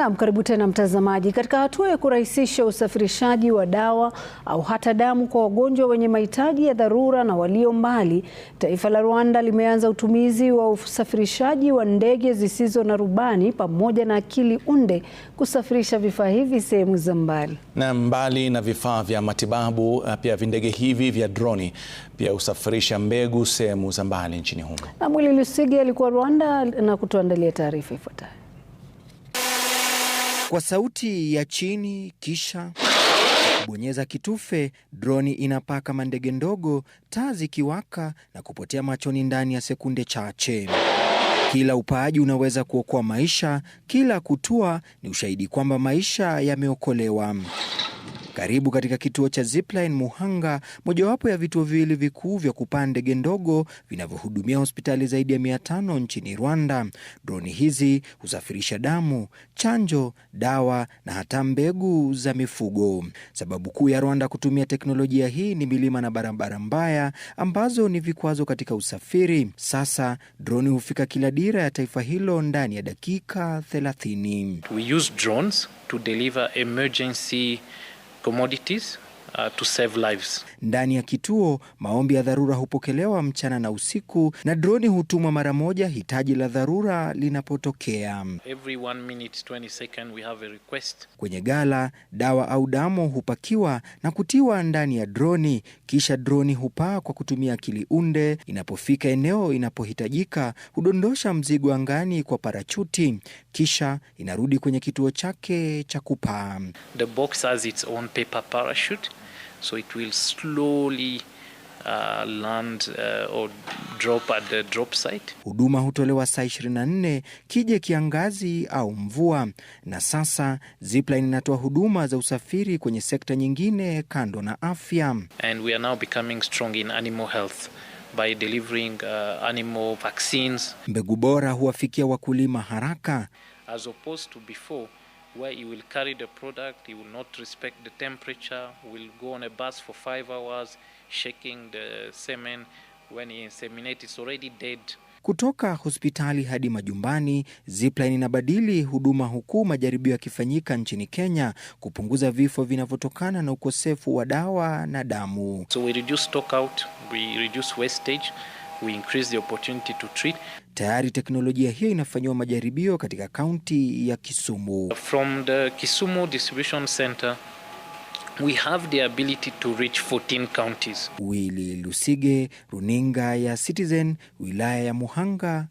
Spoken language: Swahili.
Naam, karibu tena mtazamaji. Katika hatua ya kurahisisha usafirishaji wa dawa au hata damu kwa wagonjwa wenye mahitaji ya dharura na walio mbali, taifa la Rwanda limeanza utumizi wa usafirishaji wa ndege zisizo na rubani pamoja na akili unde kusafirisha vifaa hivi sehemu za mbali. Na mbali na vifaa vya matibabu, eh, pia vindege hivi vya droni pia husafirisha mbegu sehemu za mbali nchini humo. Na Mwili Lusige alikuwa Rwanda na kutuandalia taarifa ifuatayo. Kwa sauti ya chini, kisha kubonyeza kitufe, droni inapaa kama ndege ndogo, taa zikiwaka na kupotea machoni ndani ya sekunde chache. Kila upaaji unaweza kuokoa maisha, kila kutua ni ushahidi kwamba maisha yameokolewa. Karibu katika kituo cha Zipline Muhanga, mojawapo ya vituo viwili vikuu vya kupaa ndege ndogo vinavyohudumia hospitali zaidi ya mia tano nchini Rwanda. Droni hizi husafirisha damu, chanjo, dawa na hata mbegu za mifugo. Sababu kuu ya Rwanda kutumia teknolojia hii ni milima na barabara mbaya ambazo ni vikwazo katika usafiri. Sasa droni hufika kila dira ya taifa hilo ndani ya dakika thelathini We use drones to deliver emergency commodities Uh, to save lives. Ndani ya kituo maombi ya dharura hupokelewa mchana na usiku, na droni hutumwa mara moja hitaji la dharura linapotokea. Every one minute, 20 second, we have a request. Kwenye gala dawa au damo hupakiwa na kutiwa ndani ya droni, kisha droni hupaa kwa kutumia akili unde Inapofika eneo inapohitajika, hudondosha mzigo angani kwa parachuti, kisha inarudi kwenye kituo chake cha kupaa. The box has its own paper parachute so it will slowly Uh, land, uh, or drop at the drop site. Huduma hutolewa saa 24 kije kiangazi au mvua, na sasa Zipline inatoa huduma za usafiri kwenye sekta nyingine kando na afya. And we are now becoming strong in animal health. By delivering, uh, animal vaccines. Mbegu bora huwafikia wakulima haraka As opposed to before, where he will carry the product, he will not respect the temperature, will go on a bus for five hours shaking the semen. When he inseminates, it's already dead. Kutoka hospitali hadi majumbani, Zipline inabadili huduma huku majaribio yakifanyika nchini Kenya kupunguza vifo vinavyotokana na ukosefu wa dawa na damu. So we reduce stock out, we reduce wastage we increase the opportunity to treat. Tayari teknolojia hiyo inafanyiwa majaribio katika kaunti ya Kisumu. From the Kisumu distribution center we have the ability to reach 14 counties. Willy Lusige, Runinga ya Citizen, wilaya ya Muhanga,